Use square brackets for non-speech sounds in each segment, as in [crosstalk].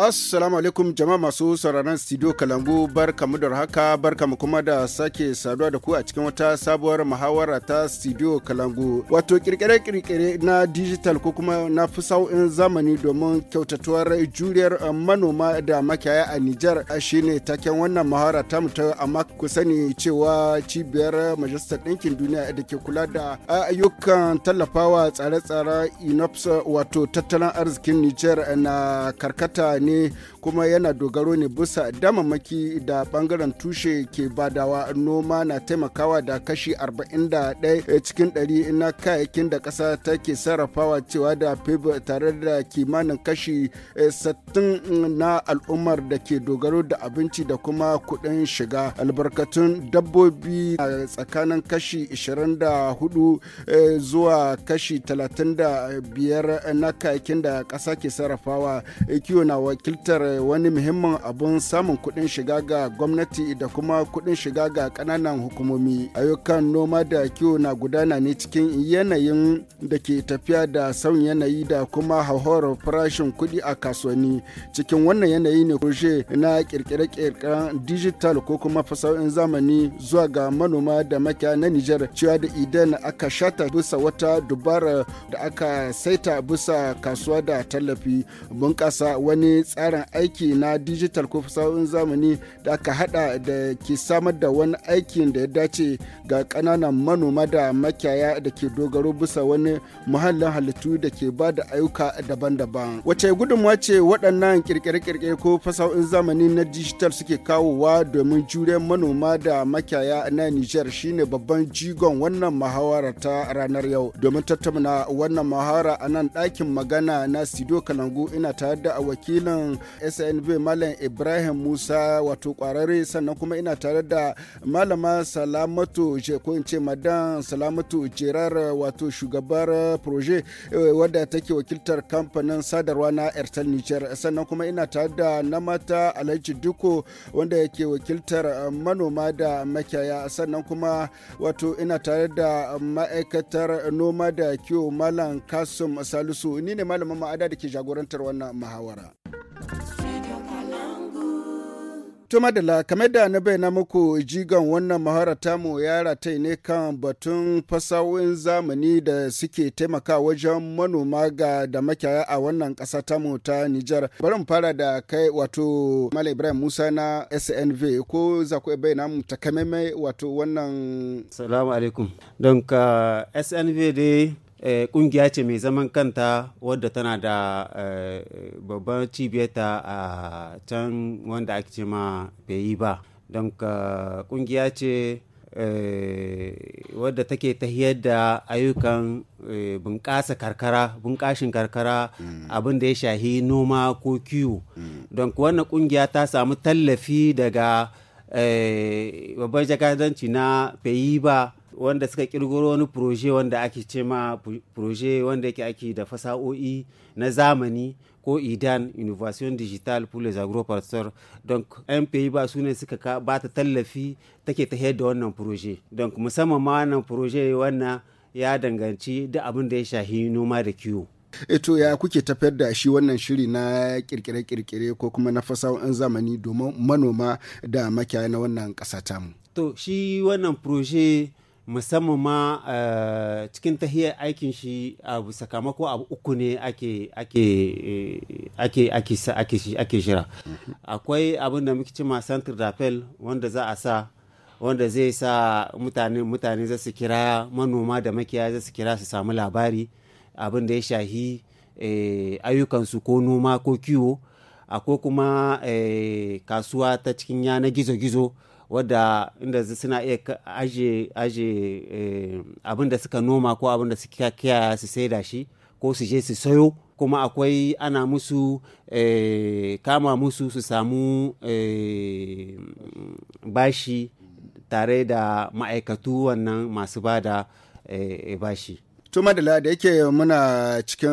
Assalamu alaikum jama'a masu sauraron studio Kalangu barkamu da haka mu kuma da sake saduwa da ku a cikin wata sabuwar muhawara ta studio Kalangu. Wato kirkire-kirkire na digital ko kuma na in zamani domin kyautatuwar juriyar eh, manoma da makiyaya a Nijar eh, shine taken wannan muhawara ta ta amma ku sani cewa cibiyar Majalisar Ɗinkin Duniya da ke kula da eh, ayyukan tallafawa tsare tsare INOPS wato tattalin arzikin Nijar na karkata ne ne kuma yana dogaro ne bisa damammaki da bangaren tushe ke badawa noma na taimakawa da kashi 41 cikin 100 na kayayyakin da ƙasa take sarrafawa cewa da pib tare da kimanin kashi 60 eh, na al'ummar da ke dogaro da abinci da kuma kuɗin shiga albarkatun dabbobi a tsakanin kashi 24 eh, zuwa kashi 35 na kayakin da ƙasa ke sarrafawa eh, kiwo na wakiltar wani muhimmin abun samun kuɗin shiga ga gwamnati da kuma kuɗin shiga ga ƙananan hukumomi ayyukan noma da kiwo na gudana ne cikin yanayin da ke tafiya da sauyin yanayi da kuma hauhawar farashin kuɗi a kasuwanni cikin wannan yanayi ne kurshe na kirkire-kirkiren digital ko kuma fasahohin zamani zuwa ga manoma da makiya na Nijar cewa da idan aka shata bisa wata dubara da aka saita bisa kasuwa da tallafi bunƙasa wani tsarin aiki na digital ko fasahohin zamani da aka hada da ke samar da wani aikin da ya dace ga kananan manoma da makiyaya da ke dogaro bisa wani muhallin halittu da ke ba da ayyuka daban-daban. Wace gudunmawa ce waɗannan kirkire-kirkire ko fasahohin zamani na digital suke kawowa domin jure manoma da makiyaya na Nijar shine babban jigon wannan muhawara ta ranar yau domin tattauna wannan muhawara a nan ɗakin magana na Sido Kalangu ina tare da wakilin sakataren snb malam ibrahim musa wato kwararre sannan kuma ina tare da malama salamatu ko in ce madan salamatu jerar wato shugabar proje eh, wadda take wakiltar kamfanin sadarwa na airtel niger sannan kuma ina tare da na mata alhaji duko wanda yake wakiltar eh, manoma da makiyaya sannan kuma wato ina tare da ma'aikatar noma da kiwo malam kasum salisu ni ne malamin ma'ada da ke jagorantar wannan mahawara. To la kame da na bayyana muku jigon wannan mahara tamu ya ratai ne kan batun fasahohin zamani da suke taimaka wajen manoma ga da makiyaya a wannan ƙasa tamu ta Nijar. Bari mu fara da kai wato Malam Ibrahim Musa na SNV ko za ku bayyana mu takamaimai wato wannan. Salamu alaikum. Don ka SNV dai Eh, kungiya ce mai zaman kanta wadda tana da eh, babban cibiyarta a can wanda ake ce ma bai ba don kungiya ce eh, wadda take hiyar da ayyukan bunƙasa karkara bunƙashin karkara mm. abin da ya shahi noma ko kiwo mm. don wannan kungiya ta samu tallafi daga babban jakadanci na ba wanda suka kirgoro wani proje wanda ake ce ma proje wanda yake ake da fasa'o'i na zamani ko idan innovation digital pour les agroparteurs donc yan ba su ne suka ba ta tallafi take ta da wannan proje donc musamman ma wannan proje wannan ya danganci duk abin da ya shahi noma da kiwo eto eh, ya kuke tafiyar da shi wannan shiri na kirkire-kirkire ko kuma na fasahohin zamani domin manoma da makiyaya na wannan kasa tamu to shi wannan proje musamman ma eh, cikin tahiyar aikin shi a sakamako abu uku ne ake eh, shira akwai abin da muke cima centre dapel wanda za a sa wanda zai sa mutane mutane za su kira manoma da makiyaya za su kira su samu labari abin da ya shahi eh, ayyukansu ko noma ko kiwo akwai kuma kasuwa ta cikin yana gizo-gizo wadda inda suna iya aje aje eh, abin da suka noma ko abin da suka kiya su saida shi ko su je su sayo kuma akwai ana musu eh, kama musu su samu eh, bashi tare da ma'aikatu wannan masu bada da bashi To madala da yake muna cikin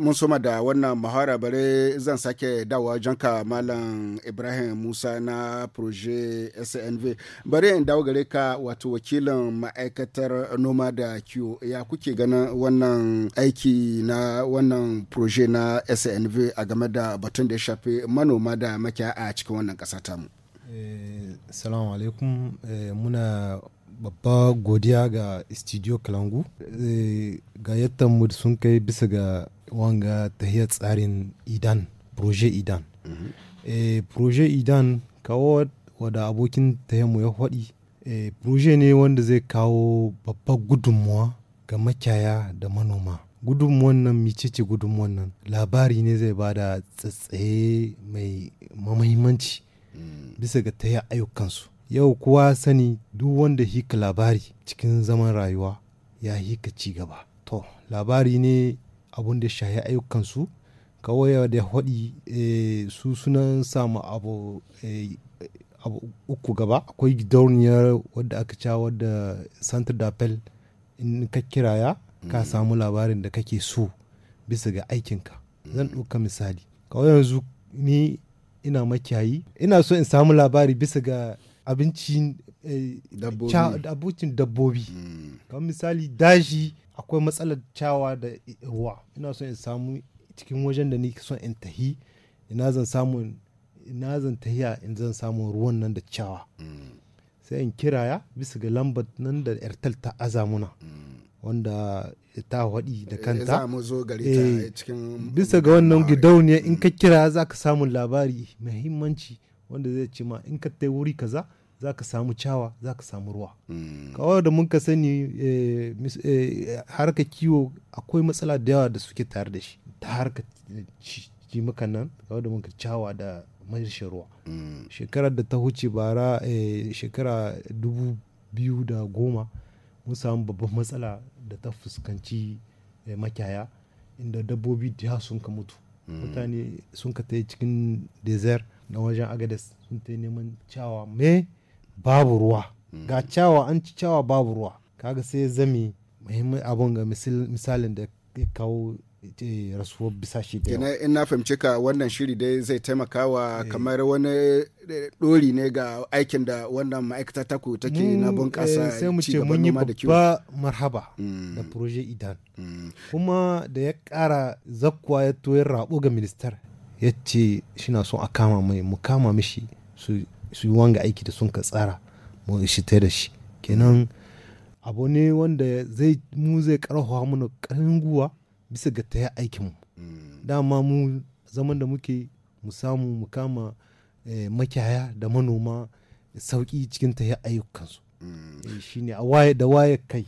mun soma da wannan muhara bare zan sake dawa janka malam Ibrahim Musa na proje SNV. Bare in dawo gare ka wato wakilin ma'aikatar noma da kiwo ya kuke ganin wannan aiki na wannan proje na SNV a game da batun da ya shafi manoma da makiya a cikin wannan ƙasa tamu. Eh, Salamu alaikum eh, muna babba godiya ga studio kalangu eh, ga yadda mu sun kai bisa ga wanga ta hiyar tsarin idan proje idan mhm. eh, proje idan kawo wada abokin mu ya haɗi eh, proje ne wanda zai kawo babba gudunmuwa ga makiyaya da manoma gudunmuwan nan micece gudunmuwan nan labari ne zai bada tsatsaye mai mahimmanci mm. bisa ga ta ayyukansu yau kuwa sani duk wanda hika labari cikin zaman rayuwa ya hika ci gaba to labari ne abun da shahi ayyukansu kawai da haɗi e, eh, su sunan samu abu e, abu uku gaba akwai gidauniyar wadda aka ca wadda santa dapel in ka kiraya ka mm. samu labarin da kake so bisa ga aikinka mm. zan ɗauka misali kawai yanzu ni ina makiyayi ina so in samu labari bisa ga abincin eh, abincin dabbobi hmm. kamar misali daji akwai matsalar cawa da ruwa ina son in samu cikin wajen da nake son in tahi ina zan samu ina zan tahiya in zan samu ruwan nan da cawa hmm. sai in kiraya bisa ga lambar nan da airtel ta azamuna hmm. wanda ta waɗi da eh, kanta eh, bisa ga wannan gidauniya in ka kira za ka samu labari muhimmanci wanda zai ce ma in ka tai wuri kaza za ka samu cawa za ka samu ruwa mm. kawai da mun ka sani eh, eh, harkar kiwo akwai matsala da yawa da suke tare da shi ta ci maka nan kawai da mun ka cawa da marishin ruwa mm. shekarar da ta huce bara eh, shekara dubu biyu da goma mun samu babban matsala da ta fuskanci makiyaya inda dabbobi da sun ka mutu mm. mutane sun ka ta cikin desert na wajen agadas sun ta neman cawa me babu ruwa ga cawa an ci cawa babu ruwa kaga sai zami muhimmin abun ga misalin da ya kawo eh, rasuwar bisashi. da yawa. in na fahimci ka wannan shiri dai zai taimaka wa eh. kamar wani dori eh, ne ga aikin da wannan ma'aikata ta ku take na bunƙasa sai mu ce mun yi babba marhaba mm. da proje idan mm. kuma da ya ƙara zakkuwa ya toyar rabo ga ministar ya ce shina son a kama mai mu kama mishi su yi wanga aiki da sun ka tsara mu shi da shi kenan abu ne wanda zai mu zai karfafa mana karin guwa bisa ga ta aikin mu mm. dama mu zaman da muke mu samu mu kama eh, makiyaya da manoma sauki cikin ta ayyukansu mm. eh, shine a waye da waye kai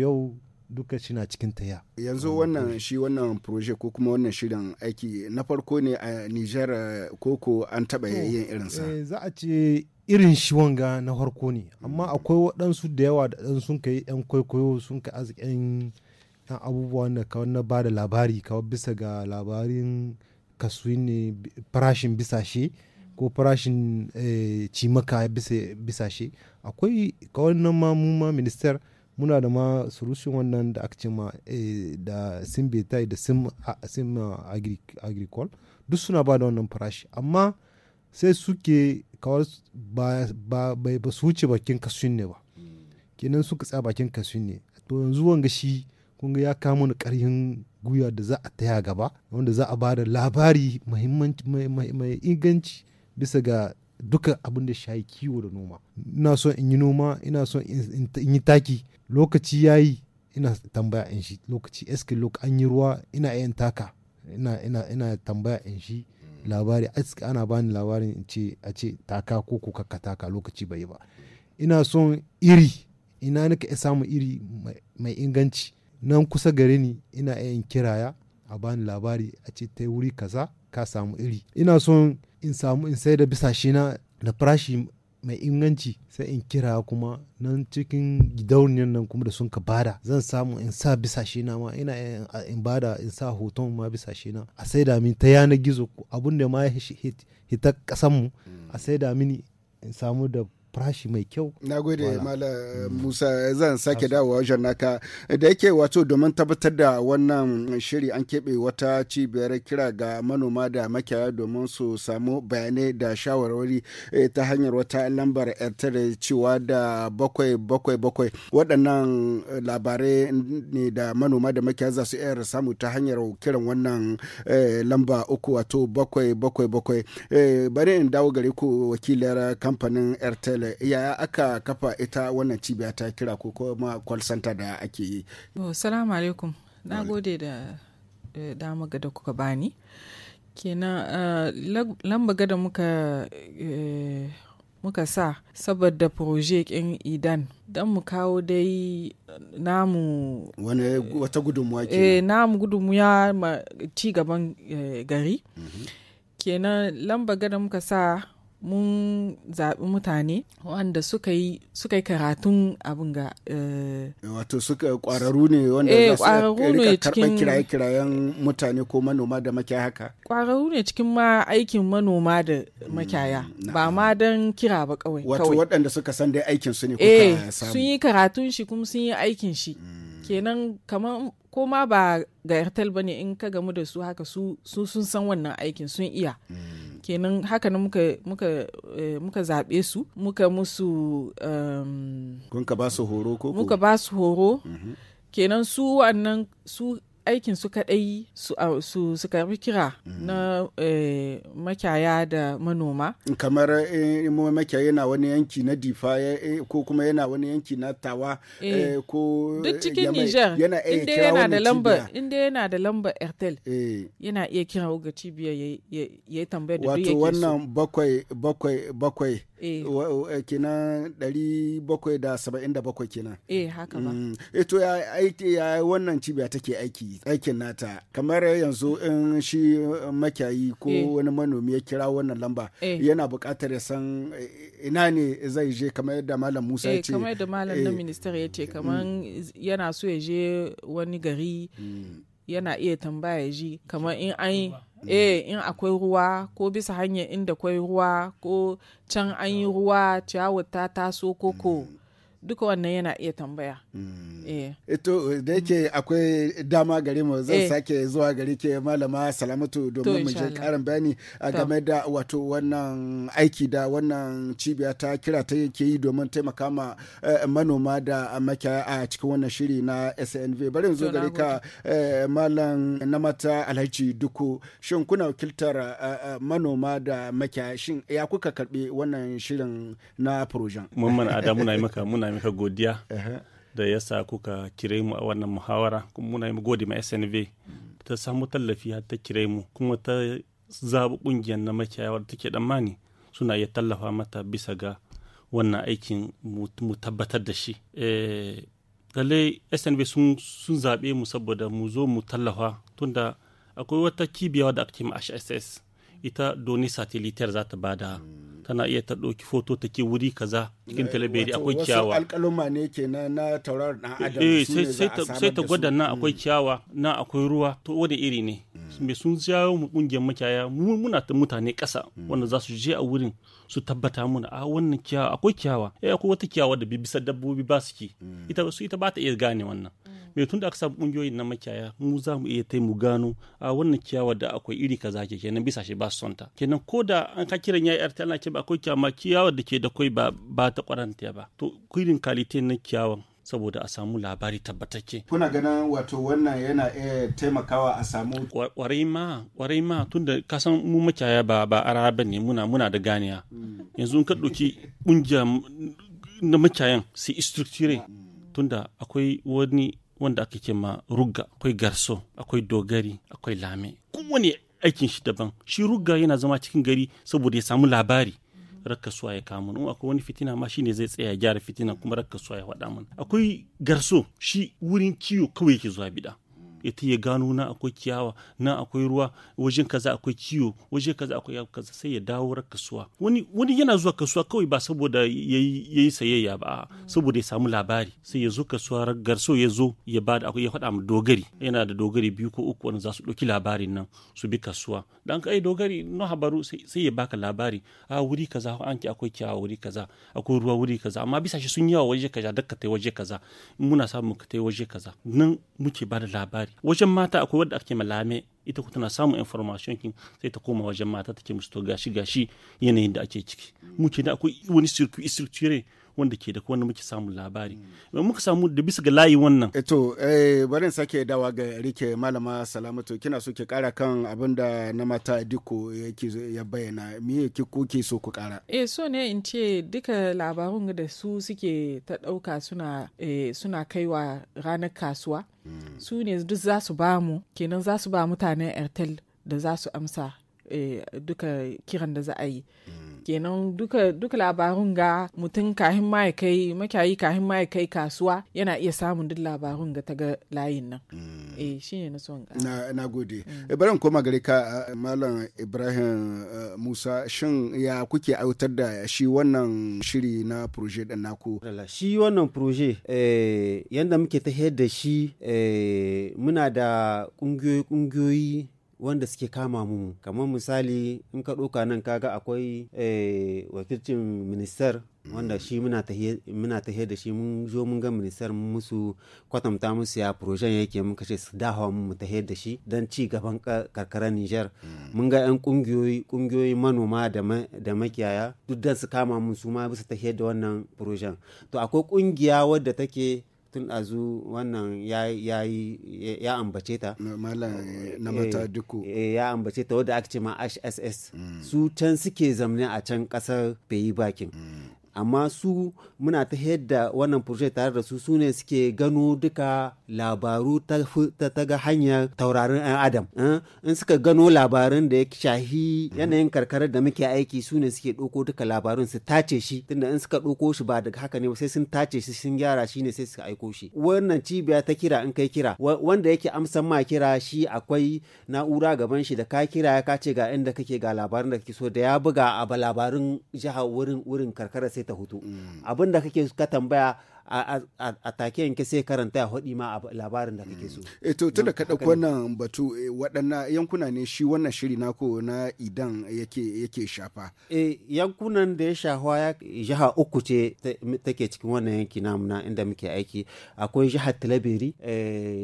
yau duka shi na cikin taya. yanzu wannan shi wannan proje ko kuma wannan shirin aiki na farko ne a nijar koko eh, an taɓa yin sa. Eh, za a ce irin shi wanga na farko ne amma mm. akwai waɗansu da yawa da ɗan sun kai yan kwaikwayo sun ka arzikin yan abubuwan da kawai na ba da labari kawai bisa ga labarin kasuwin ne farashin bisashe ko farashin eh, cimaka bisa bisashe akwai kawai nan ma mu ma minister muna da ma solution wannan da aka ce eh, da sim betai da sim eh, agricole duk suna ba da wannan farashi amma sai suke kawar ba ba su wuce bakin kasuwin ne ba kenan suka tsaya bakin kasuwin ne to yanzu wanga shi kun ga ya kama ni karhin guya da za a taya gaba wanda za a ba da labari mai inganci bisa ga duka abin da shayi kiwo da noma ina so in yi noma ina so in yi taki lokaci ya yi ina tambaya in shi lokaci eske lok an yi ruwa ina yin taka ina tambaya in shi labari eske ana bani labarin in ce a ce taka ko ko kakka taka lokaci bai yi ba ina so iri ina nika samu iri mai inganci nan kusa gare ni ina yin kiraya a bani labari a ce ta wuri kaza ka samu iri ina son in samu in sai da bisashe na da farashi mai inganci sai in kira kuma nan cikin gidauniyar nan kuma da sun ka bada zan samu in sa bisashe na ma ina in bada in sa hoton ma bisashe na a sai da min ta yanar gizo abun da ma ya hita kasanmu a sai da mini in samu da farashi mai kyau na gode mala eh, musa zan mm. sake dawowa wajen naka da yake wato domin tabbatar da wannan shiri an keɓe wata cibiyar kira ga manoma da makiyaya domin su samu bayanai da shawarwari eh, ta hanyar wata lambar yar cewa da bakwai bakwai bakwai waɗannan eh, labarai ne da manoma da makiyaya za su iya samu ta hanyar kiran wannan lamba uku wato bakwai bakwai bakwai bari in dawo gare ku wakilar kamfanin airtel da yaya aka kafa ita wannan cibiya ta kira ko kuma call center da ake yi oh, salamu alaikum na gode da dama ga da kuka bani kenan eh, lamba gada muka eh, muka sa saboda proje in idan don mu kawo dai namu wata gudunmuwa ke eh namu gudunmuwa ma ci gaban eh, gari mm -hmm. kenan lamba gada muka sa mun zaɓi mutane wanda suka yi karatun abin ga eh, wato suka ƙwararru ne wanda eh, za su karɓar kiraye-kirayen mutane ko manoma da makiyaya haka ƙwararru ne cikin ma aikin manoma da mm, makiyaya ba ma don kira ba kawai wato waɗanda suka san dai aikin su ne eh, samu sun yi karatun shi kuma sun yi aikin shi mm. kenan kamar ko ma ba ga yartal ba ne in ka gamu da su haka su sun san wannan aikin sun iya mm. kenan haka ne muka muka eh, muka zaɓe su muka musu ehm, kun ka ba su horo ko muka ba su horo mhm. kenan su wannan su aikin su kaɗai su su karbi kira na eh, makiyaya da manoma kamar eh, makiyayi yana wani yanki na difa eh, ko kuma yana wani yanki na tawa ko duk cikin niger inda yana da lamba inda yana airtel yana iya kira ga cibiyar ya yi tambayar da duk yake su wato wannan bakwai bakwai bakwai Eh. Eh, kenan ɗari bakwai da saba'in da bakwai kenan. Eh haka ba. Mm. E eh, to ya aiki ya wannan cibiya take aiki aikin nata kamar yanzu in shi makiyayi ko wani manomi ya kira wannan lamba yana buƙatar ya san ina ne zai je kamar yadda malam Musa ya ce. Kamar yadda malam na ministar ya ce mm. kamar yana so ya je wani gari mm. yana iya tambaya ji kamar in an Mm. eh in akwai ruwa ko bisa hanyar inda kwai ruwa ko can an yi ruwa ciyawar ta taso koko mm. duka wannan yana iya tambaya. Ito hmm. eh. eh, da yake akwai dama gare mu zan eh. sake zuwa gari ke malama salamatu domin mu je karin bayani a game da wato wannan aiki da wannan cibiya ta kira ta yake yi domin taimaka ma manoma da maka a cikin wannan shiri na SNV. Bari zo gari ka malam na mata alhaji duku shin kuna wakiltar manoma da maka shin ya kuka karbi wannan shirin na projan. Mun mana Adamu na yi maka muna mika godiya da ya sa kuka kire mu a wannan muhawara kuma muna yi gode ma snv ta samu tallafi har ta kire mu kuma ta zaɓi ƙungiyar na makiyaya wadda take tsammani suna iya tallafa mata bisa ga wannan aikin mu tabbatar da shi eh, lallai snv sun zaɓe mu saboda mu zo mu tallafa tunda akwai wata kibiyawa da ake ma hss ita doni satelitar za ta bada hmm. tana iya ta ɗauki foto ta ke wuri kaza cikin talabari akwai ciyawa wasu alƙaluma ne ke na na taurar na adam eh, eh sai ta gwada nan mm. akwai ciyawa nan akwai ruwa to wani iri ne mm. me sun jawo mu kungiyar makiyaya mu muna ta mutane ƙasa mm. wanda za su je a wurin su tabbata muna a ah, wannan ciyawa akwai ciyawa eh akwai wata ciyawa da bisa dabbobi ba su ki ita ita ba ta iya gane wannan me tun da aka samu kungiyoyin na makiyaya mu za mu iya tai mu gano a wannan kiyawa da akwai iri kaza ke kenan bisa shi ba su ta kenan ko da an ka kiran yayi arta ana ce ba akwai ciyawa ciyawa da ke da koi ba ba ta kwaranta ba to irin kalite na ciyawan saboda a samu labari tabbatacce. Kuna ganin wato wannan yana iya taimakawa a samu. Kwarai ma, kwarai ma tunda ka san mu makiyaya ba ba araba ne muna muna da ganiya. Hmm. Yanzu ka ɗauki kungiya na makiyayan su structure hmm. tunda akwai wani wanda aka ce ma rugga akwai garso akwai dogari akwai lame kowane aikin shi daban shi rugga yana zama cikin gari saboda ya samu labari rakkasuwa ya kama in akwai wani fitina ma shine zai tsaya gyara fitina kuma rakkasuwa ya faɗa mun. akwai garso shi wurin kiwo kawai yake zuwa bida ya ta ya gano na akwai ciyawa na akwai ruwa wajen kaza akwai ciwo wajen kaza akwai kaza sai ya dawo ra kasuwa wani wani yana zuwa kasuwa kawai ba saboda yayi sayayya ba saboda ya samu labari sai ya zo kasuwa garso ya zo ya bada akwai ya faɗa mu dogari yana da dogari biyu ko uku wanda za su ɗauki labarin nan su bi kasuwa dan kai dogari na habaru sai ya baka labari a wuri kaza an ki akwai ciyawa wuri kaza akwai ruwa wuri kaza amma bisa shi sun yawa waje kaza dakka tai waje kaza muna samu ka tai waje kaza nan muke ba da labari wajen mata akwai wadda ake malame ita ku tana samun information kin sai ta koma wajen mata take musu to gashi gashi yanayin da ake ciki mu da akwai wani circuit structure wanda ke da wanda muke samun labari hmm. muka samu da bisa ga layi wannan eto eh, eh bari sake dawa ga rike malama salamatu kina so ki kara kan abin da na mata diko yake ya bayyana me ki ke so ku kara eh so ne in ce duka labarun da su suke ta dauka suna eh, suna kaiwa ranar kasuwa hmm. su ne duk za su ba mu kenan za su ba mutanen airtel da za su amsa eh, duka kiran da za a yi hmm. kenan duka duka labarun ga mutum kahin ma ya kai makiyayi kahin ma ya kai kasuwa yana iya samun duk labarun ga taga layin nan mm. eh shine na son na na gode ibrahim mm. eh, koma gare ka eh, malam Ibrahim eh, Musa shin ya kuke autar da shi wannan shiri na proje din naku shi wannan proje yanda muke ta da shi muna da kungiyoyi kungiyoyi wanda suke kama mu kamar misali in ka doka nan kaga akwai eh, wakilcin minister wanda shi muna ta da shi mun zo mun ga ministar musu kwatanta musu ya projen yake mun kashe su dahawa mu ta da shi don ci gaban karkarar Nijar hmm. mun ga yan kungiyoyi manoma da makiyaya duk da su kama mun su ma bisa ta da wannan projen to akwai kungiya wadda take tun azu wannan ya ambace ta eh, eh, ya ambace ta wadda ake ce ma hss mm. su can suke zamne a can kasar bai bakin mm. amma su muna ta da wannan project tare da su su ne suke gano duka labaru ta ta taga hanyar taurarin 'yan adam eh, in suka gano labarin da ya shahi yanayin karkarar da muke aiki su ne suke ɗauko duka labarin su tace shi tunda in suka ɗauko shi ba daga haka ne sai sun tace shi sun gyara shi ne sai suka aiko shi wannan cibiya ta kira in kai kira wanda yake amsan ma kira shi akwai na'ura gaban shi da ka kira ka ce ga inda kake ga labarin da kake so da ya buga a labarin jiha wurin wurin karkara sai ta hutu mm. abin da kake ka tambaya a take yanke sai karanta ya hudi ma a labarin da kake mm. so. E to tunda ka ɗauki wannan batu eh, waɗannan yankuna ne shi wannan shiri ko na idan yake shafa. E yankunan da ya shafa ya jiha uku ce take cikin wannan yanki namuna inda muke aiki akwai jihar Talabiri,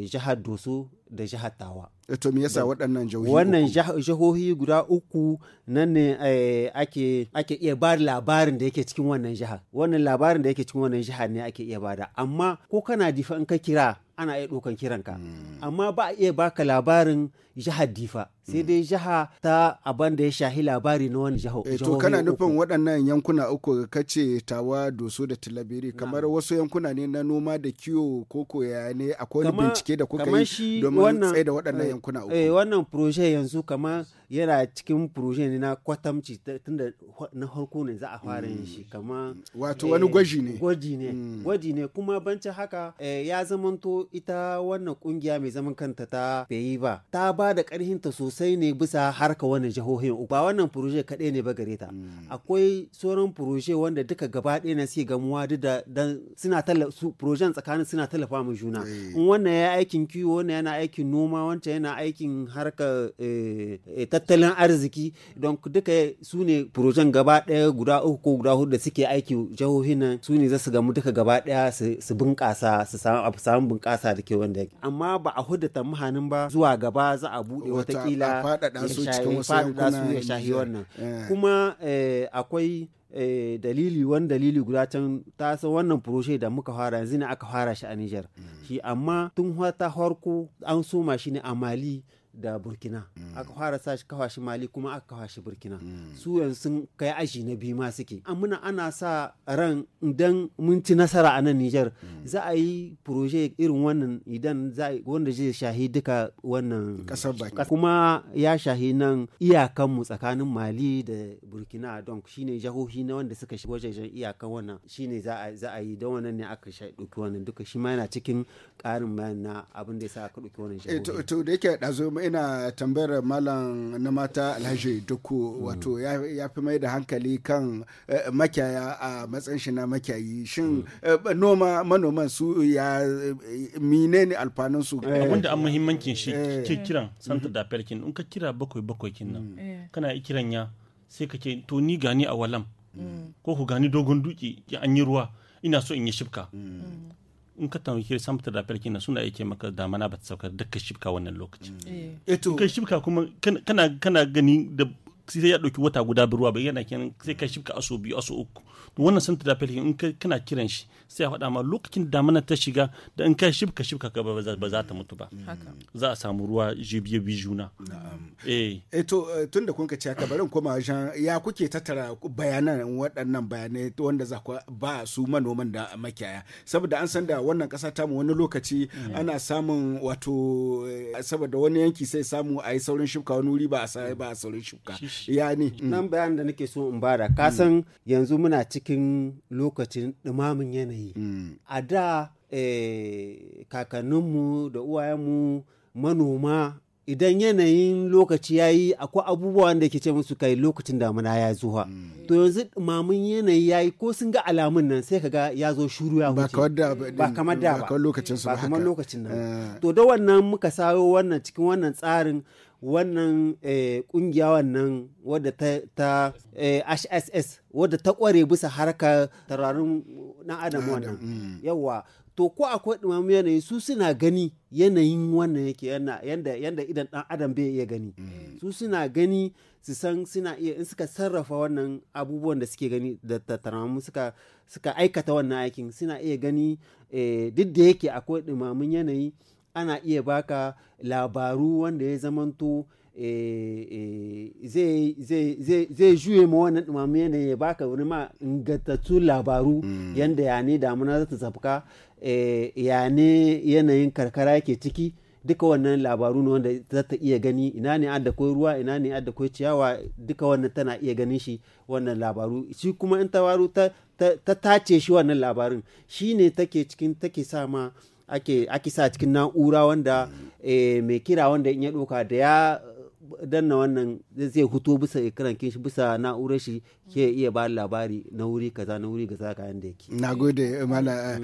jihar Doso da jihar Tawa. Eh, to me yasa waɗannan jihohi wannan jihohi guda uku nan ne eh, ake ake iya ba labarin da yake cikin wannan jiha wannan labarin da yake cikin wannan jiha ne ake iya bada amma ko kana difa in ka kira ana iya ɗaukan kiranka hmm. amma ba a iya baka labarin jihar difa sai mm. dai jiha ta abin da ya shahi labari na wani jihar e, eh, to kana nufin waɗannan yankuna uku kace tawa doso da tilabiri kamar wasu yankuna ne na noma da kiwo ko koya ne akwai wani bincike da kuka yi domin tsaye da waɗannan eh, yankuna uku eh wannan proje yanzu kamar yana cikin proje ne na kwatamci tunda na harko ne za a fara yin shi mm. kamar wato wani eh, gwaji ne gwaji ne mm. gwaji ne kuma bancin haka ya zamanto ita wannan kungiya mai zaman kanta ta yi ba ta ba ba da ƙarhinta sosai ne bisa harka wannan jihohin ba wannan proje kaɗai ne ba gare ta mm. akwai sauran furuje wanda duka gaba ɗaya na suke gamuwa duk da suna su furujen tsakanin suna tallafa mu juna eh. in wannan ya aikin kiwo wannan yana aikin noma wancan yana aikin harka eh, eh, tattalin arziki don duka su ne proje gaba ɗaya guda uku ko guda huɗu da suke aiki jihohin nan su ne za su gamu duka gaba ɗaya su bunƙasa su samu bunƙasa da ke wanda amma ba a hudata mahanin ba zuwa gaba za a buɗe watakila ya shahi wannan eh. kuma eh, akwai eh, dalili wani dalili guda can ta san wannan furoshe da muka fara yanzu ne aka fara shi a Nijar. Hmm. Shi amma tun ta farko an soma shi ne a Mali da burkina mm. aka fara sa shi kawashi mali kuma aka kawashi burkina mm. su yanzu sun kai aji na biyu ma suke amuna ana sa ran idan mun ci nasara a nan nijar mm. za a yi proje irin wannan idan za wanda zai shahi duka wannan kasar baki kuma ya shahi nan iyakanmu tsakanin mali da burkina don shine jahohi na wanda suka shiga wajejen iyakan wannan shine za a yi don wannan ne aka shahi ɗauki wannan duka shi ma yana cikin ƙarin bayan na abin da ya sa aka ɗauki wannan eh, jahohi to da yake ɗazo ina tambayar malam na mata alhaji duku mm. wato ya fi mai da hankali kan eh, makiyaya a matsayin shi na makiyayi shin mm. eh, noma manoman su ya mine ne alfanin su eh. abinda an muhimmancin shi ke kiran mm-hmm. santa da felkin in ka kira bakwai bakwai kin nan mm. kana kiran ya sai kake to ni gani a walam ko ku gani dogon duki an yi ruwa ina so in yi shifka in ka tamaki samta da farki na suna yake maka mana ba ta sauka ka shibka wannan lokacin mm. eto eh. eh ka shibka kuma kana gani da sai ya ɗauki wata guda ruwa ba yana kenan sai ka shibka aso biyu aso uku wannan santa da pelin in kana kiran shi sai a faɗa ma lokacin damana ta shiga da in ka shibka shibka ka ba za ta mutu ba za a samu ruwa jibiye bi juna eh. eh to eh, tun da kun ka ci haka barin jan ya kuke tattara bayanan waɗannan bayanai wanda za ku ba su manoman da makiyaya saboda an san da wannan ƙasa ta mu wani lokaci mm. ana samun wato eh, saboda wani yanki sai samu a yi saurin shibka wani wuri ba a saurin shibka ya ne nan mm. bayanin da nake so in bada ka san mm. yanzu muna cikin lokacin ɗumamin yanayi mm. a da eh, kakanninmu da uwayenmu manoma idan yanayin lokaci ya yi akwai abubuwan da ke ce musu kai lokacin damuna ya zuwa mm. to yanzu mamun yanayi ya yi ko sun ga alamun nan sai kaga ya zo shuru ya wuce ba kamar da ba ba kamar lokacin nan eh. to da wannan muka sayo wannan cikin wannan tsarin wannan kungiya eh, wannan wadda ta, hss eh, wadda ta kware bisa harkar tararin na adam wannan mm. yawa to ko akwai ɗumamu yanayi su suna gani yanayin wannan yake yanda idan ɗan adam bai iya gani mm. su suna gani su san suna iya in suka sarrafa wannan abubuwan da suke gani da tattaramu suka suka aikata wannan aikin suna iya gani eh, duk da yake akwai ɗumamun yanayi ana iya baka labaru wanda ya zamanto eh, eh, zai juye ma wani ɗumamu yanayi ya baka wani ma ingantattun labaru mm. yadda ya ne damuna za ta zafuka eh, ya ne yanayin karkara ke ciki duka wannan labaru ne wanda za ta iya gani ina ne adda koi ruwa ina ne adda koi ciyawa duka wannan tana iya ganin shi wannan labaru shi kuma in ta ta tace shi wannan labarin shi ne take cikin take sa ma ake ake sa cikin na'ura wanda eh, mai kira wanda in ya ɗauka da ya danna wannan zai huto bisa ikiran shi bisa na'urar shi ke iya ba labari na wuri kaza na wuri kaza kayan yanda yake na gode eh, mala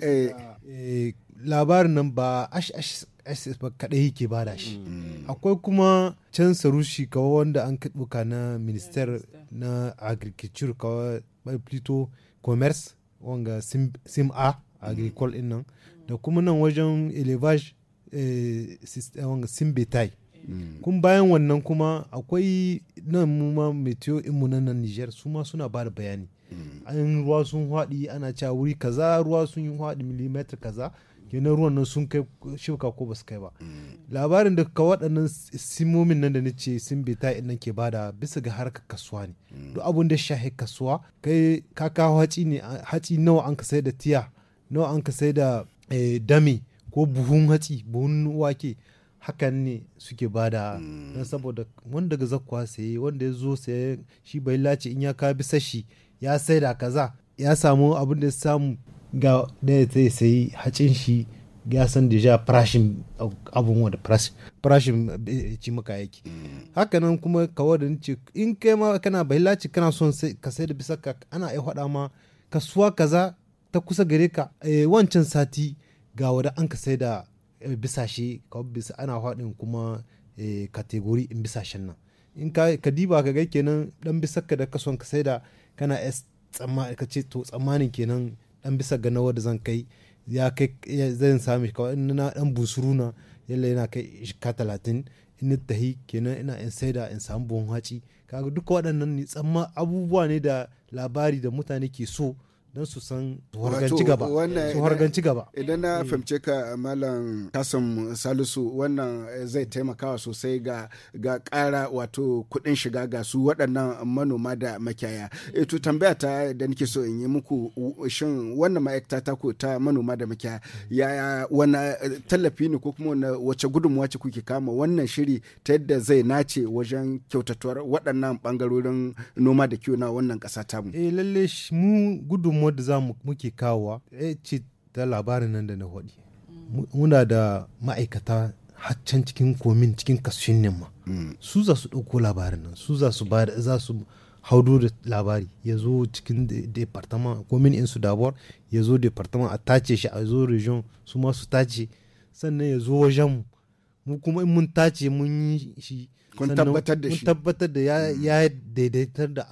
eh, mm. labarin nan ba hss ba kadai yake bada shi mm. akwai kuma can sarushi kawai wanda an kaɗuka na minister na agriculture kawai plito commerce wanga sim a agricole din nan da kuma nan wajen elevage eh, eh, simbetai mm. kun bayan wannan kuma akwai nan mu ma meteo imuna na nan niger su ma suna bada bayani mm. an ruwa sun haɗi ana cewa wuri kaza ruwa sun yi haɗi millimeter kaza kenan ruwan nan sun kai shuka ko ba su kai ba mm. labarin da ka waɗannan simomin nan da nace sun bi ta'in nan ke bada bisa ga harkar kasuwa ne duk abun da shahe kasuwa kai ka kawo haci ne haci nawa an ka sai da tiya nawa an ka sai da eh, dami ko buhun hatsi buhun wake hakan ne suke bada mm. don saboda wanda ga zakwa saye wanda ya zo saye shi bai lace in ya bisa shi ya sai da kaza ya samu abin da ya samu ga da ya sai sayi hacin shi ya san da deja farashin abun wanda farashin eh, ci maka yake mm. hakanan kuma kawo da nace in kai ma kana bai lace kana son ka sai da bisa ka ana ai faɗa ma kasuwa kaza ta kusa gare ka eh, wancan sati ga wadda an ka sai da eh, bisashe ka bisa ana haɗin kuma kategori eh, in bisashen nan in ka diba ka gai kenan dan ka da son ka sai da kana ka ce to tsammanin kenan dan bisa ga nawa da zan kai ya kai zan sami kawai in na dan busuru na yalla yana kai shika talatin in tahi kenan ina in da in samu buhun haci kaga duka waɗannan ne tsamma abubuwa ne da labari da mutane ke so don su san su harganci gaba idan na eh. fahimce ka malam kasim salisu wannan eh, zai taimakawa sosai ga ga kara wato kudin shiga ga su waɗannan manoma da makiyaya eh, to tambaya ta da nake so in yi muku shin wannan ma'aikata ta ko ta manoma da makiyaya mm. ya wani tallafi ne ko kuma wace gudunmuwa ce kuke kama wannan shiri ta yadda zai nace wajen kyautatuwar waɗannan bangarorin noma da kiwo na wannan ƙasa tamu eh mu gudun gudunmuwar da za mu muke kawowa ya eh, ce ta labarin nan da na faɗi muna da ma'aikata haccan cikin komin cikin kasuwin ne ma su za su ɗauko labarin nan su za su ba da za su haudu da labari ya zo cikin departament komin insu dabuwar ya zo departament a tace shi a zo region su ma su tace sannan ya zo wajen mu kuma in mun tace mun yi shi kun tabbatar da shi kun tabbatar da hmm. ya daidaitar da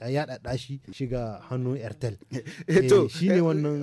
a yada dashi shiga hannu airtel to shi ne wannan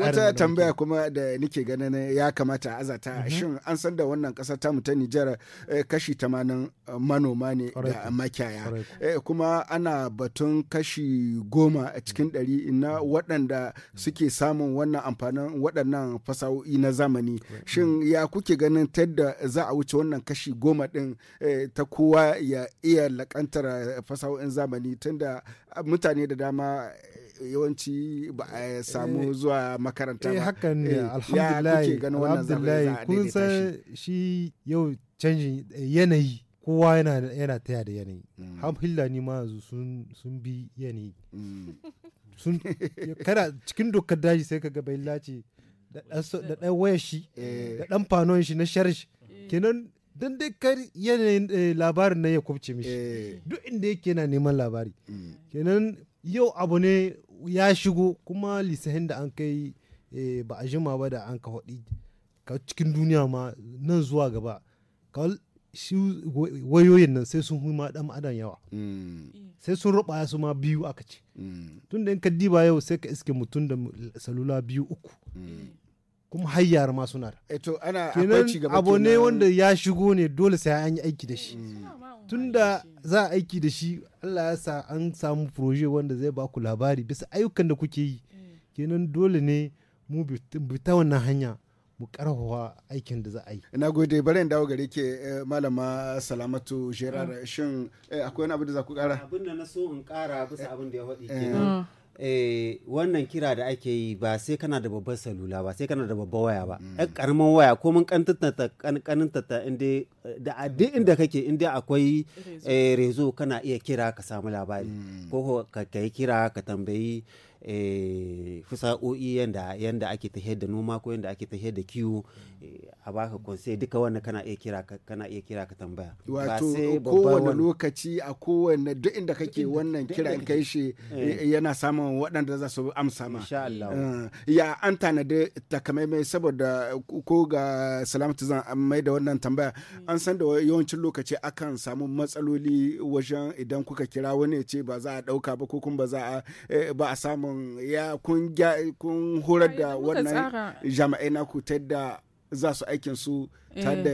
wata tambaya kuma da nike ganin ya kamata a azata mhm. shin an san da wannan kasar tamu ta Nijar eh, kashi 80 eh, manoma ne da makiyaya eh, kuma ana batun kashi goma a cikin ɗari na waɗanda suke samun wannan amfanin waɗannan fasahohi na zamani shin ya kuke ganin ta yadda za a wuce wannan kashi kashi goma ɗin eh, ta kowa ya iya lakantar eh, fasahohin zamani tunda ah, mutane da dama eh, yawanci ba a samu zuwa makaranta ba. hakan ne alhamdulillah kun san shi yau canjin yanayi kowa yana taya da yanayi mm. hamhilla ni ma sun bi yanayi mm. sun kada cikin dokar daji sai ka bai lace da ɗan wayar shi da ɗan fanon shi na sharish kenan don dai kar yanayin eh, labarin nan ya kubce mishi eh. duk inda yake yana neman labari mm. kenan yau abu ne ya shigo kuma lisahin da an kai eh, ba a jima ba da an ka haɗi ka cikin duniya ma nan zuwa gaba ka shi wayoyin nan sai sun huma dan adam yawa mm. sai sun ruba su ma biyu aka ce mm. tun da in ka diba yau sai ka iske mutum da salula biyu uku kuma hayyar ma suna da eh to ana akwai ci gaba abu ne wanda ya shigo ne dole sai an yi aiki da shi mm. tunda za a aiki da shi Allah ya sa an samu proje wanda zai ba ku labari bisa ayyukan da kuke yi mm. kenan dole ne mu bi ta wannan hanya mu karfafa aikin da za a yi. Na gode bari in dawo gare ke eh, malama Salamatu Gerard mm. shin eh, akwai wani abu da za ku kara? Abin da na so in kara bisa abin da ya faɗi kenan. eh, wannan kira da ake yi ba sai kana da babban salula ba sai kana da babban waya ba ɗan karamin waya ko mun kaninta ta inda da adi inda kake inda akwai eh, rezo kana iya kira ka samu labari mm. ko ka yi kira ka tambayi fusa'o'i eh, yanda yanda ake ta da noma ko yadda ake ta da kiwo eh, a baka konsai duka wanda kana iya kira kana iya kira ka tambaya wato kowane lokaci a kowane duk inda kake wannan kira in kai shi eh. yana samun waɗanda za su amsa ma insha Allah ya an tanadi takamaimai saboda ko ga salamatu zan mai da wannan tambaya mm. an san da yawancin lokaci akan samu matsaloli wajen idan kuka kira wani ce ba za a ɗauka ba ko kuma ba za a ba a samu ya kun horar da wannan jama'ai na ku ta da za su aikin su ta eh. da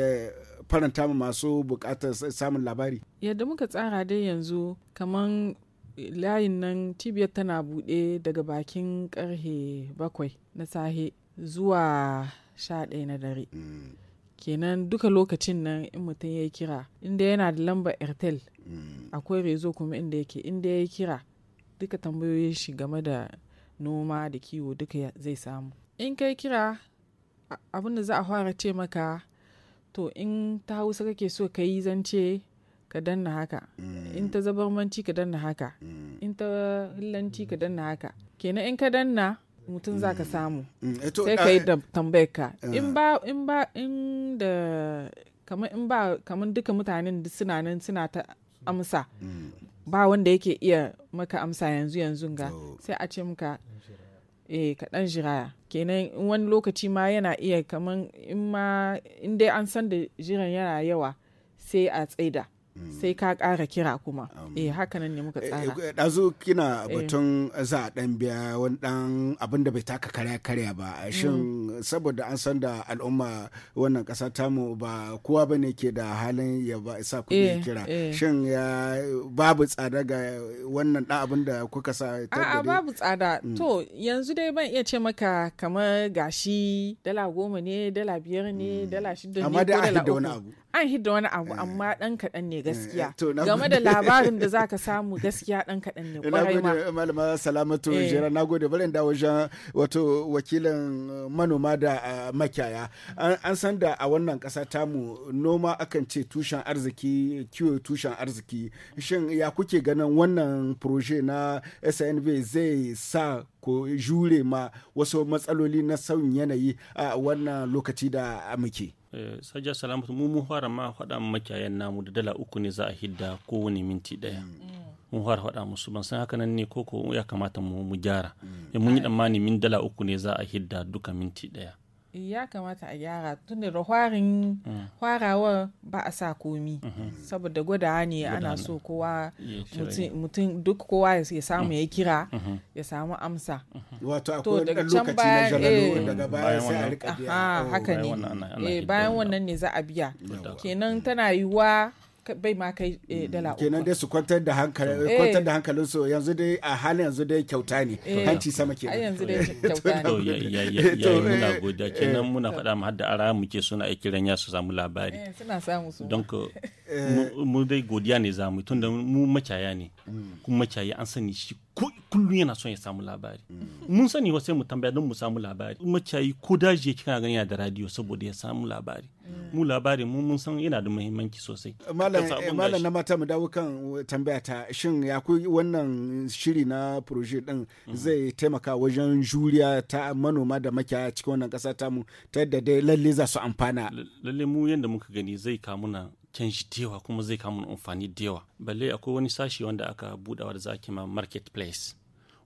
faranta masu bukatar samun labari yadda muka tsara dai yanzu kamar layin nan cibiyar tana buɗe daga bakin karhe bakwai na sahe zuwa sha ɗaya na dare mm. kenan duka lokacin nan in mutum ya kira inda yana da lambar airtel mm. akwai rezo kuma inda yake inda ya kira duka tambayoyin shi game da noma da kiwo duka zai samu in kai kira abin da za a fara ce maka to in ta hausa kake so ka yi zance ka danna haka in ta zabarmanci ka danna haka in ta hillanci ka danna haka kenan in ka danna mutum za ka samu sai ka yi tambayar ka in ba in ba in da kamar in ba kamar duka mutanen suna nan suna ta amsa ba wanda yake iya maka amsa yanzu yanzu ga oh. sai a ce muka eh dan jiraya kenan in wani lokaci ma yana iya kaman in ma in dai an san da jiran yana yawa sai a tsaida Mm. sai ka ƙara kira kuma eh hakanan ne muka eh, tsara eh, ɗazu kina eh. batun za a ɗan biya wani ɗan abin da bai taka karya karya ba mm. shin saboda an san da al'umma wannan ƙasa tamu ba kowa ba ne ke da halin ya ba isa kuɗi kira shin ya babu tsada ga wannan ɗan abin da kuka sa a'a babu tsada mm. to yanzu dai ban iya ce maka kamar gashi dala goma ne dala biyar ne dala shida ne ko dala uku an hidda wani abu eh. amma dan kaɗan ne eh, gaskiya eh, game da labarin da [laughs] zaka samu gaskiya dan kaɗan ne kwarai ma malama salamatu jira gode bari da wajen wato wakilin uh, manoma da uh, makiyaya an san da a wannan ƙasa tamu noma akan ce tushen arziki kiwo tushen arziki shin ya kuke ganin wannan proje na snv zai sa ko jure ma wasu matsaloli na sauyin yanayi a wannan lokaci da muke Eh, sajja salamatu mu mun fara ma faɗa makiyayen namu da dala uku ne za a hidda kowane minti ɗaya mm. Mm. mun fara faɗa musu ban san haka nan ne ko ya kamata mu mu gyara mm. eh, mun yi tsammani min dala uku ne za a hidda duka minti ɗaya ya kamata a gyara tun da hwarin mm. hwarawar ba a sa komi mm-hmm. saboda gwada ne ana so kowa mutum duk kowa ya samu ya kira mm-hmm. Mm-hmm. ya samu amsa wato akwai ɗan lokaci na jalalu eh. daga bayan sai a rika biya oh. haka ne bayan eh, wannan ne za a biya kenan mm. tana yiwuwa bai ma kai eh, mm, dala uku kenan dai su kwantar da hankali eh. kwantar da hankalin su yanzu dai a halin yanzu dai kyauta ne eh. hanci sama kenan yanzu dai [laughs] kyauta ne ya ya ya muna godiya kenan muna faɗa mu hadda ara muke suna kiran ya su samu labari suna samu su donc mu dai godiya ne zamu tunda mu macaya ne mm. kuma macaya an sani shi ko kullum yana son ya samu labari mun sani wasu mu tambaya don mu samu labari maciyayi ko daji yake kana gani da radio saboda ya samu labari mu labari mu mun san yana da muhimmanci sosai malam eh, na mata mu dawo kan tambaya ta shin ya ku wannan shiri na proje din mm-hmm. zai taimaka wajen juriya ta manoma da makiyaya cikin wannan kasa mu ta yadda dai lalle za su amfana lalle mu yanda muka gani zai kamuna kyan shi da yawa kuma zai kama amfani da yawa balle akwai wani sashi wanda aka budawa da zaki ma place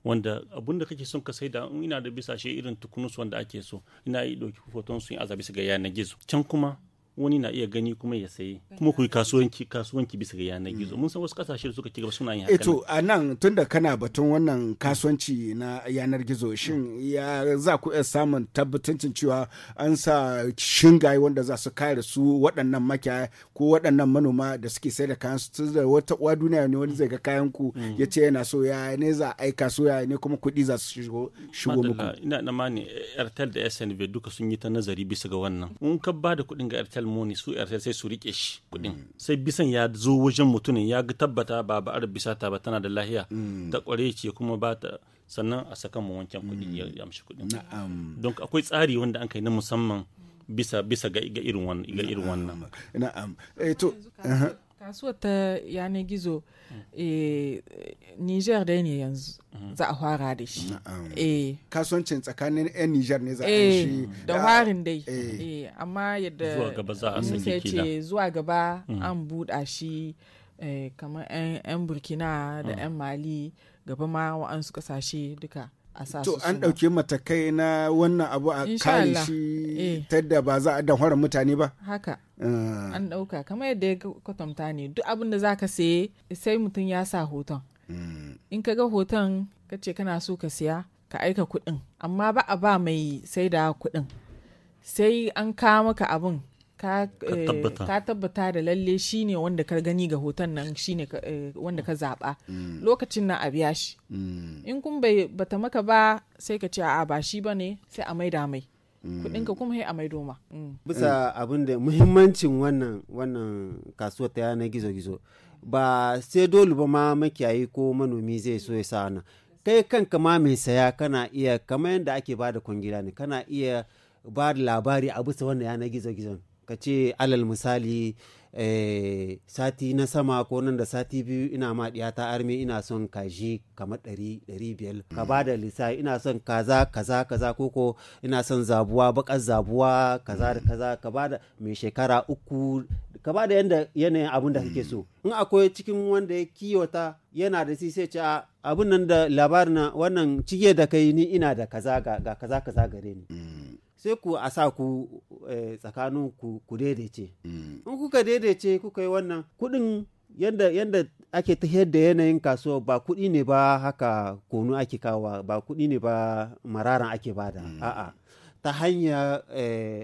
wanda abun da kake son ka sai saida ina da bisashe irin tukunus wanda ake so ina yi ɗauki hoton su yi azabi su ga yanar gizo can kuma wani na iya gani kuma ya sayi kuma ku yi kasuwanci kasuwanci bisa ga yanar gizo mun san wasu kasashe da suka ci gaba suna yin haka eh to a nan tunda kana batun wannan kasuwanci na yanar gizo shin ya za ku iya samun tabbatancin cewa an sa shingaye wanda za su kare su waɗannan makiya ko waɗannan manoma da suke sai da kayan su da wata uwa duniya ne wani zai ga kayan ku mm. ya ce yana so ya ne za a aika so ya ne kuma kuɗi za su shigo shigo muku ina na mani airtel da snv duka sun yi ta nazari bisa ga wannan in ka ba da kuɗin ga airtel kalmoni su yarda sai su rike shi kudin mm. sai bisan ya zo wajen mutumin ya ga tabbata ba ba bisa ta ba tana da lahiya mm. ta kware ce kuma ba ta sannan a saka mu wancan kudin ya mm. amshi kudin don akwai tsari wanda an kai na musamman bisa bisa ga irin wannan na'am eh to kasuwar ta yanar gizo eh, niger dai ne yanzu mm. za a fara da shi eh. kasuwancin tsakanin 'yan niger ne za a eh, yi shi da warin dai amma yadda suke ce zuwa gaba mm. an buɗa shi kamar 'yan burkina da 'yan mm. mali gaba ma wa'ansu kasashe duka a sa to an ɗauke matakai na wannan abu a kare shi ta da ba za a damfara mutane ba haka Ah. an ɗauka kamar yadda ya kwatanta ne duk abin da za ka saye sai mutum ya sa hoton hmm. in ka ga hoton ka ce kana so ka siya ka aika kuɗin amma ba a ba mai sai da kuɗin sai an kawo maka abin eh, ka tabbata da lalle shi ne wanda ka gani ga hoton nan shi ne eh, wanda ka zaɓa hmm. lokacin nan a biya shi hmm. in kun bai bata maka ba sai ka ce a ba shi ba ne sai a mai da mai kuɗinka mm. kuma sai a maido ma mm. bisa abin da muhimmancin wannan wannan kasuwar ta yanar gizo-gizo ba sai dole ba ma makiyayi ko manomi zai so ya sa nan kai kanka ma mai saya kana iya kamar yadda ake bada kwangila ne kana iya ba da labari a bisa wannan yanar gizo gizo ka ce alal misali Eh, sati na sama ko nan da sati biyu ina ma ta armi ina son kaji kamar ɗari ɗari biyar ka mm. ba da lisa ina son kaza kaza kaza koko ina son zabuwa bakar zabuwa kaza da mm. kaza ka ba da mai shekara uku ka ba da yanda yanayin abin da kake mm. so in akwai cikin wanda ya kiwata yana da si sai ce abin nan da labarin wannan cike da kai ni ina da kaza ga kaza kaza gare ni sai ku a sa ku eh, tsakanin ku ku daidaice mm. in kuka daidaice kuka yi wannan kuɗin yadda ake ta da yanayin kasuwa ba kuɗi ne ba haka konu ake kawa ba kuɗi ne ba mararan ake bada mm. a'a eh, ta hanyar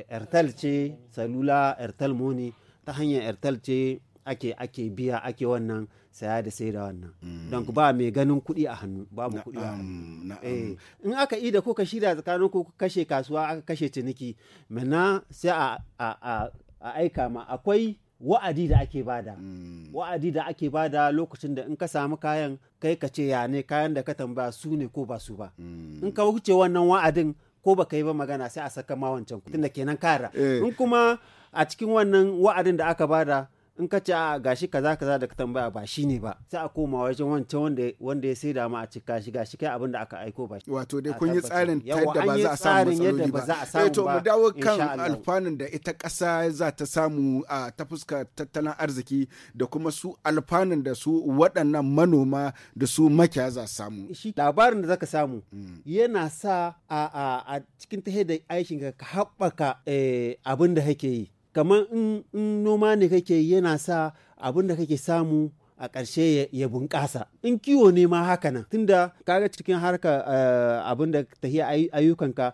airtel ce salula ertal money ta hanyar ertal ce ake ake biya ake wannan saya da sai da wannan mm. don ba mai ganin kuɗi a hannu babu kuɗi a hannu eh, in aka yi da kuka shirya tsakanin ku kashe kasuwa aka kashe ciniki mana sai a aika ma akwai wa'adi da ake bada mm. wa'adi da ake bada lokacin da in ka samu kayan kai ka ce ya ne kayan da ka tambaya su ne ko ba su ba mm. in ka wuce wannan wa'adin ko baka yi ba magana sai a saka ma wancan da kenan kara eh. in kuma a cikin wannan wa'adin da aka bada in ka ce a gashi kaza kaza da ka tambaya ba shi ne ba sai a koma wajen wancan wanda wanda ya da ma a cika shi gashi kai abin da aka aiko ba wato dai kun yi tsarin yadda ba za a samu matsaloli ba eh to mu dawo kan alfanun da ita ƙasa za ta samu a ta fuska tattalin arziki da kuma su alfanun da su waɗannan manoma da su makiya za su samu labarin da zaka samu mm. yana sa a a cikin ta da aikin ka haɓaka eh, abin da kake yi kamar in noma ne kake yana sa abin da kake samu a ƙarshe ya bunƙasa in kiwo ne ma haka nan tunda kaga cikin harka eh, abin da tafiya ayyukanka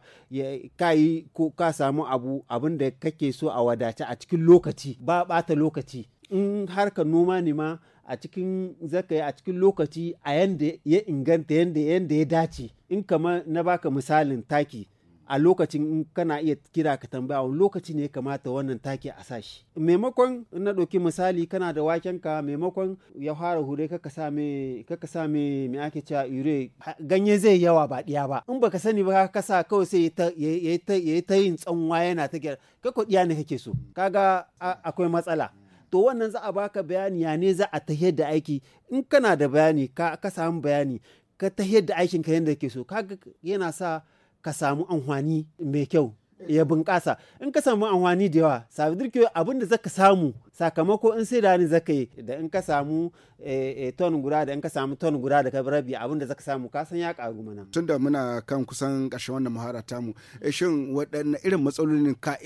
ka yi ko ka samu abu abin da kake so a wadace a cikin lokaci ba bata lokaci in harka noma ne ma a cikin zaka a cikin lokaci a yanda ya inganta yanda ya dace in kama na baka misalin taki a lokacin in kana iya kira ka tambaya wani lokaci ne ya kamata wannan take a sa shi maimakon na ɗauki misali kana da waken ka maimakon ya fara hure kaka sa me me ake cewa ire ganye zai yawa ba ɗiya ba in baka sani ba ka sa kawai sai ya yi ta yin tsanwa yana ta gyara kako ɗiya ne kake so kaga akwai matsala to wannan za a baka bayani ya ne za a ta da aiki in kana da bayani ka samu bayani ka ta da aikin ka yadda ke so kaga yana sa ka samu amfani mai kyau ya bunƙasa in ka samu amfani da yawa sabidirki ke abin da zaka samu sakamako in sai dani zaka yi da in ka samu eh, eh, ton guda da in ka samu ton guda da ka rabi abin da zaka samu ka san ya karu mana tunda muna kan kusan ƙarshen wannan mu tamu eh, shin waɗanne irin matsalolin ka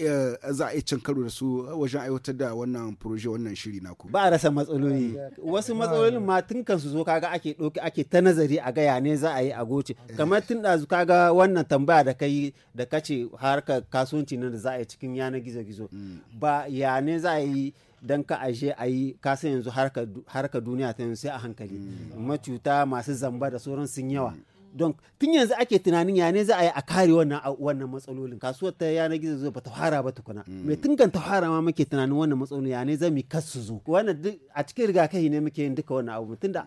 za a iya cin karo da su wajen aiwatar da wannan proje wannan shiri naku ba a rasa matsaloli wasu matsalolin ma tun kan su zo kaga ake ɗauki ake ta nazari a gaya ne za a yi a goce kamar tun ɗazu kaga wannan tambaya da kai da kace harkar kasuwanci nan da za a yi cikin yanar gizo-gizo mm. ba ya ne za a yi don ka ashe a yi kasan yanzu harka duniya ta yanzu sai a hankali mm. matuta masu zamba da sauran sun yawa mm. don tun yanzu ake tunanin ya ne za a yi a kare wannan wannan matsalolin kasuwar ta yanar gizo zo bata fara ba tukuna mai mm. tun kan ta fara ma muke tunanin wannan matsalolin ya ne za mu kas su zo wannan a cikin rigakafi ne muke yin duka wannan abu tunda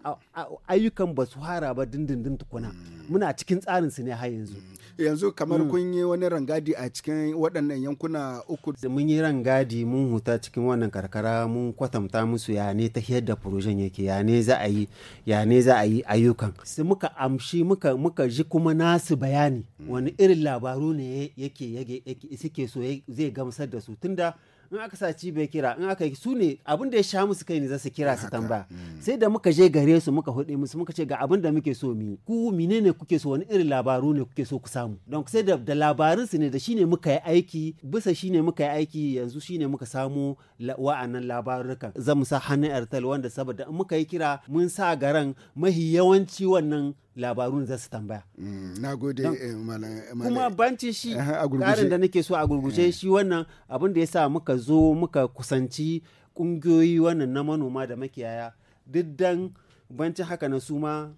ayyukan ba su fara ba dindindin tukuna mm. muna cikin tsarin su ne har yanzu mm. yanzu kamar kun yi wani rangadi a cikin waɗannan yankuna uku mun yi rangadi mun huta cikin wannan karkara mun kwatanta musu ya ne ta yadda projen yake ya ne za a yi ya ne za a yi ayyukan su muka amshi muka muka ji kuma nasu bayani wani irin labaru ne yake suke so zai gamsar da su tunda in aka sa cibiyar kira in aka yi su ne abin da ya sha musu kai ne za su kira su tambaya mm. sai da muka je gare su muka hudu musu muka ce ga abin da muke so mu ku ne kuke so wani irin labaru ne kuke so ku samu don sai da, da labarin su ne da shine muka yi aiki bisa shine muka yi aiki yanzu shine muka samu wa'annan labarukan za mu sa hannun wanda saboda in muka yi kira mun sa garan mahi yawanci wannan labarun za su tambaya. Mm, na gode eh, eh, Kuma banci shi karin eh, da nake so a gurguce shi wannan abin da ya sa muka zo muka kusanci ƙungiyoyi wannan na manoma da makiyaya duk dan banci haka na su ma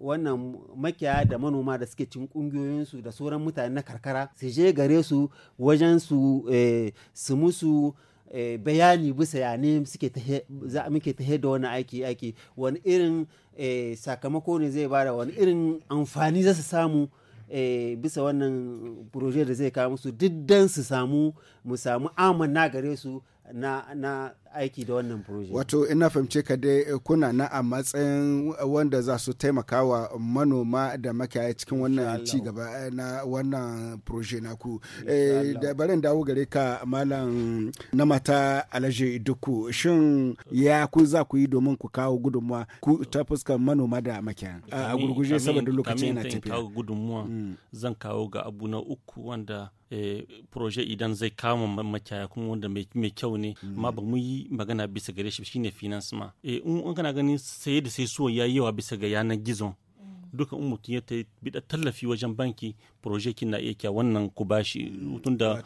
wannan makiyaya da manoma da suke cin kungiyoyinsu da sauran mutane na karkara su je gare su wajen su su musu Eh, bayani bisa ya ne muke ta da wani aiki aiki wani irin eh, sakamako ne zai bada wani irin amfani za su samu eh, bisa wannan proje da zai kawo musu diddan su samu mu samu amana gare su na, na aiki da wannan project. Wato ina fahimce ka dai eh, kuna na a matsayin wanda za su taimaka wa manoma da makiyaya cikin wannan ci gaba eh, na wannan project na ku eh, da barin dawo gare ka malam na mata alaje duku shin ya ku za ku yi domin ku kawo gudunmuwa ku ta fuskar manoma da makiyaya a gurguje saboda lokaci yana tafiya. Kamin kawo gudunmuwa mm. zan kawo ga abu na uku wanda Eh, proje idan zai kama makiyaya kuma wanda mai kyau ne Ma ba mu yi magana bisa gare shi shine finansima. Eh, ma in kana ganin sai da sai ya yayi yawa bisa ga yanar gizon duka in mutum ya ta da tallafi wajen banki projekin na iya kya wannan ku bashi tun da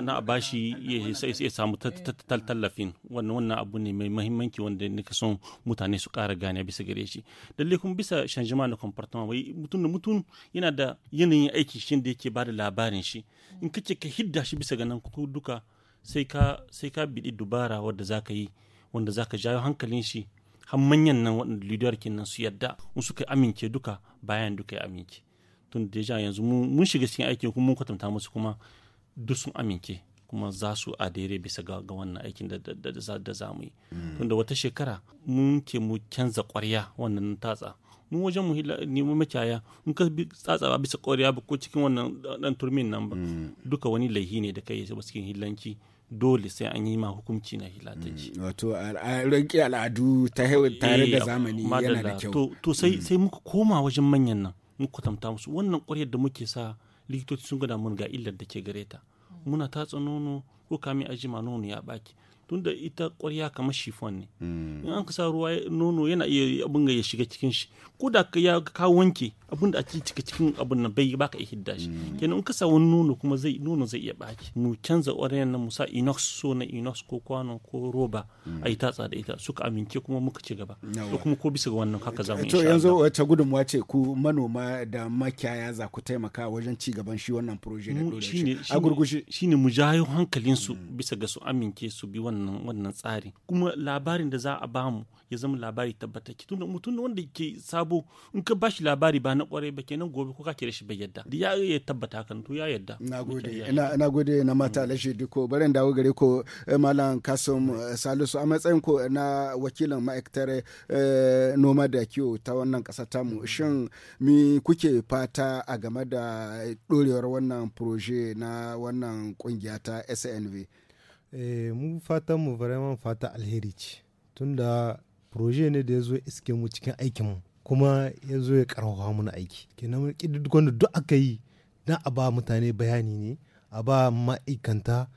na bashi ya samu tallafin wannan wannan abu ne mai mahimmanci wanda nika son mutane su kara gane bisa gare shi dalle kuma bisa shanjima na comportement wai mutum da mutum yana da yanayin aiki shi da yake bada labarin shi in kace ka hidda shi bisa ga nan duka sai ka sai ka bidi dubara wanda zaka yi wanda zaka jawo hankalin shi har manyan nan waɗanda leader kenan su yadda in suka amince duka bayan duka ya amince tun deja yanzu mun shiga cikin aikin kuma mun kwatanta musu kuma duk sun amince kuma za su a daidai bisa ga wannan aikin da za mu yi hmm. Tun da wata shekara mun ce mu canza kwarya wannan tatsa mun wajen mu mu makiyaya in ka bi tsatsa ba bisa kwarya ba ko cikin wannan dan turmin nan ba hmm. duka wani laihi ne da kai ba cikin hillanci dole sai an yi ma hukunci na hilatanci. Mm, wato ranki al'adu ta eh, tare da zamani yana da kyau. To mm. sai muka koma wajen manyan nan muka kwatanta musu wannan ƙwaryar da muke sa likitoci sun gada mun ga illar da ke gare ta. Mm. Muna tatsa nono ko kami ajima nono ya baki. tunda ita ƙwarya kamar shifon ne hmm. in an sa ruwa nono yana iya abin ya shiga cikin shi ko da ka ya ka wanke abin da ake cika cikin abin nan bai baka iya hidda shi hmm. kenan in ka sa wani nono kuma zai nono zai iya baki mu canza ƙwaryan nan mu sa inox so na inox ko kwano ko roba hmm. a yi tatsa da ita suka amince kuma muka ci gaba ko kuma ko bisa ga wannan haka za mu to yanzu wace gudunmuwa ce ku manoma da makiyaya za ku taimaka wajen ci gaban shi wannan proje da dole shi a gurgushi shine mu jayo su bisa ga su amince su bi wannan wannan wannan tsari kuma labarin da za a bamu ya zama labari tabbata ki tunda mutum wanda ke sabo in ka bashi labari ba na kwarai ba kenan gobe ko ka kira shi bai yadda ya ya tabbata kan to ya yadda nagode ina ina gode na mata alashe diko barin dawo gare ko eh, malam kasum eh, salisu a matsayin ko na wakilin ma'aikatar eh, noma da kiwo ta wannan kasa tamu shin mi kuke fata a game da dorewar wannan proje na wannan kungiya ta SNV Eh, mu fatan mu vraiment fata alheri ce tunda proje ne da ya zo iske mu cikin aikinmu kuma ya zo ya karfafa mana aiki kenan kididdigon da duk aka yi don a ba mutane bayani ne a ba ma'aikanta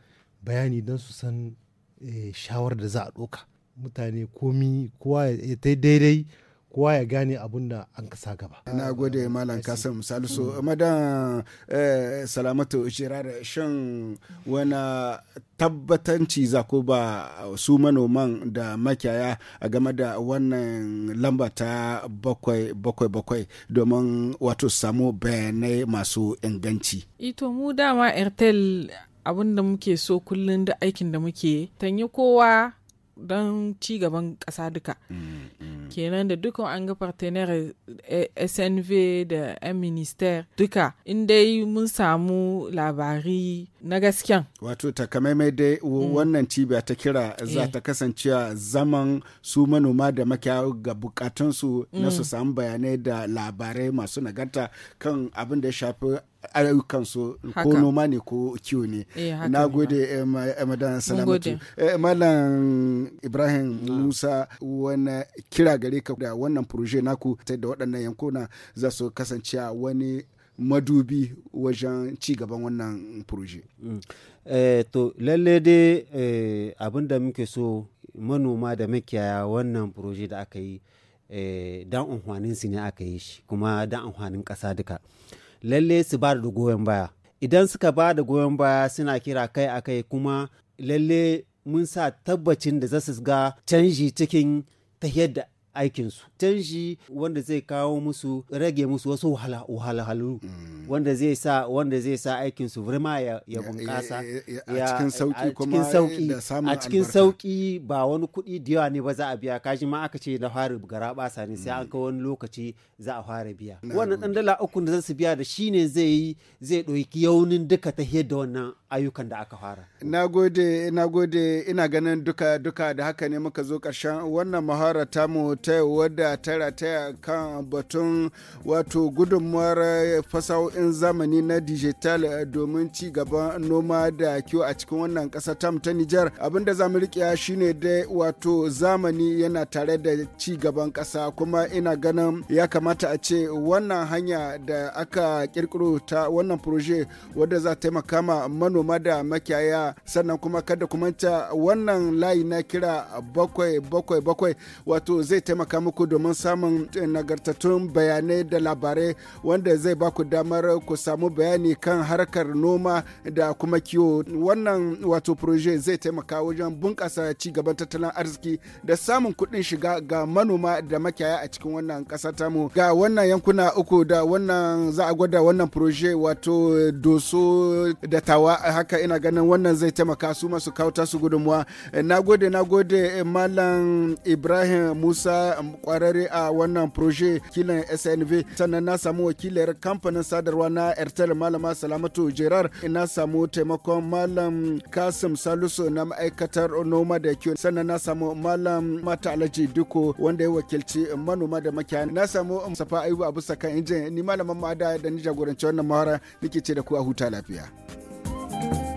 bayani don su san eh, shawar da za a ɗoka mutane komi kowa ya daidai kowa ya gane abun da an kasa gaba. Na gode Malam Kasim Salisu. Madan eh, Salamatu da shan wani tabbatanci za ko ba su manoman da makiyaya a game da wannan lamba ta bakwai bakwai bakwai domin wato samu bayanai masu inganci. Ito e mu dama Airtel abun da muke so kullum da aikin da muke. Tanyi kowa don ci gaban ƙasa duka mm, mm. kenan da duka an ga partenaire eh, snv da 'yan minister duka dai mun samu labari na gasken wato takamaimai dai mm. wannan cibiya ta kira eh. za ta kasance zaman su manoma da makiya ga bukatunsu na su samu bayanai da labarai masu nagarta kan abin da ya shafi su ko noma ne ko kiwo ne eh, na gode madan salamatu eh, malam ibrahim musa wani kira gare ka da wannan proje naku ta da waɗannan yankuna za su kasance wani madubi wajen ci gaban wannan proje mm. eh, to lalle dai abin da muke so manoma da makiyaya wannan proje da aka yi dan amfaninsu ne aka yi shi kuma dan amfanin ƙasa duka lalle su ba da goyon baya idan suka ba da goyon baya suna kira kai a kai kuma lalle mun sa tabbacin da za su ga canji cikin ta yadda aikinsu canji wanda zai kawo musu rage musu wasu wahalhalu mm. wanda zai sa wanda zai sa aikinsu vrema ya, ya bunƙasa a cikin sauki kuma a cikin sauki ba wani kuɗi da yawa ne ba za a biya kashi ma aka ce na fara gara basa ne sai an mm. ka wani lokaci za a fara biya wannan ɗan dala uku da su biya da shi ne zai yi zai ɗauki yaunin duka ta da wannan ayyukan da aka fara nagode nagode ina ganin duka duka da haka ne muka zo ƙarshen wannan mahara tamu ta wadda ta rataya kan batun wato gudunmuwar fasahohin zamani na digital eh, domin ci gaban noma da kyau a cikin wannan ƙasa tam ta Nijar abinda zamu rikiya shine dai wato zamani yana tare da ci gaban ƙasa kuma ina ganin ya kamata a ce wannan hanya da aka kirkiro ta wannan proje wadda za taimaka ma manoma da makiyaya sannan kuma kada kumanta wannan layi na kira bakwai bakwai bakwai wato zai taimaka muku domin samun nagartattun bayanai da labarai wanda zai ba ku damar ku samu bayani kan harkar noma da kuma kiwo wannan wato proje zai taimaka wajen bunƙasa ci gaban tattalin arziki da samun kuɗin shiga ga manoma da makiyaya a cikin wannan ƙasa tamu ga wannan yankuna uku da wannan za a gwada wannan proje wato doso da tawa haka ina ganin wannan zai taimaka su masu kauta su gudunmuwa eh, na gode na gode eh, malam ibrahim musa kwararre a wannan proje kilan snv sannan na samu wakilar kamfanin sadarwa na airtel malama salamatu jerar na samu taimakon malam kasim salisu na ma'aikatar noma da kiwo sannan na samu malam mata alaji duko wanda ya wakilci manoma da makiya na samu safa ayuba a bisa injin ni malaman ma'ada da ni jagoranci wannan mahara nake ce da ku a huta lafiya.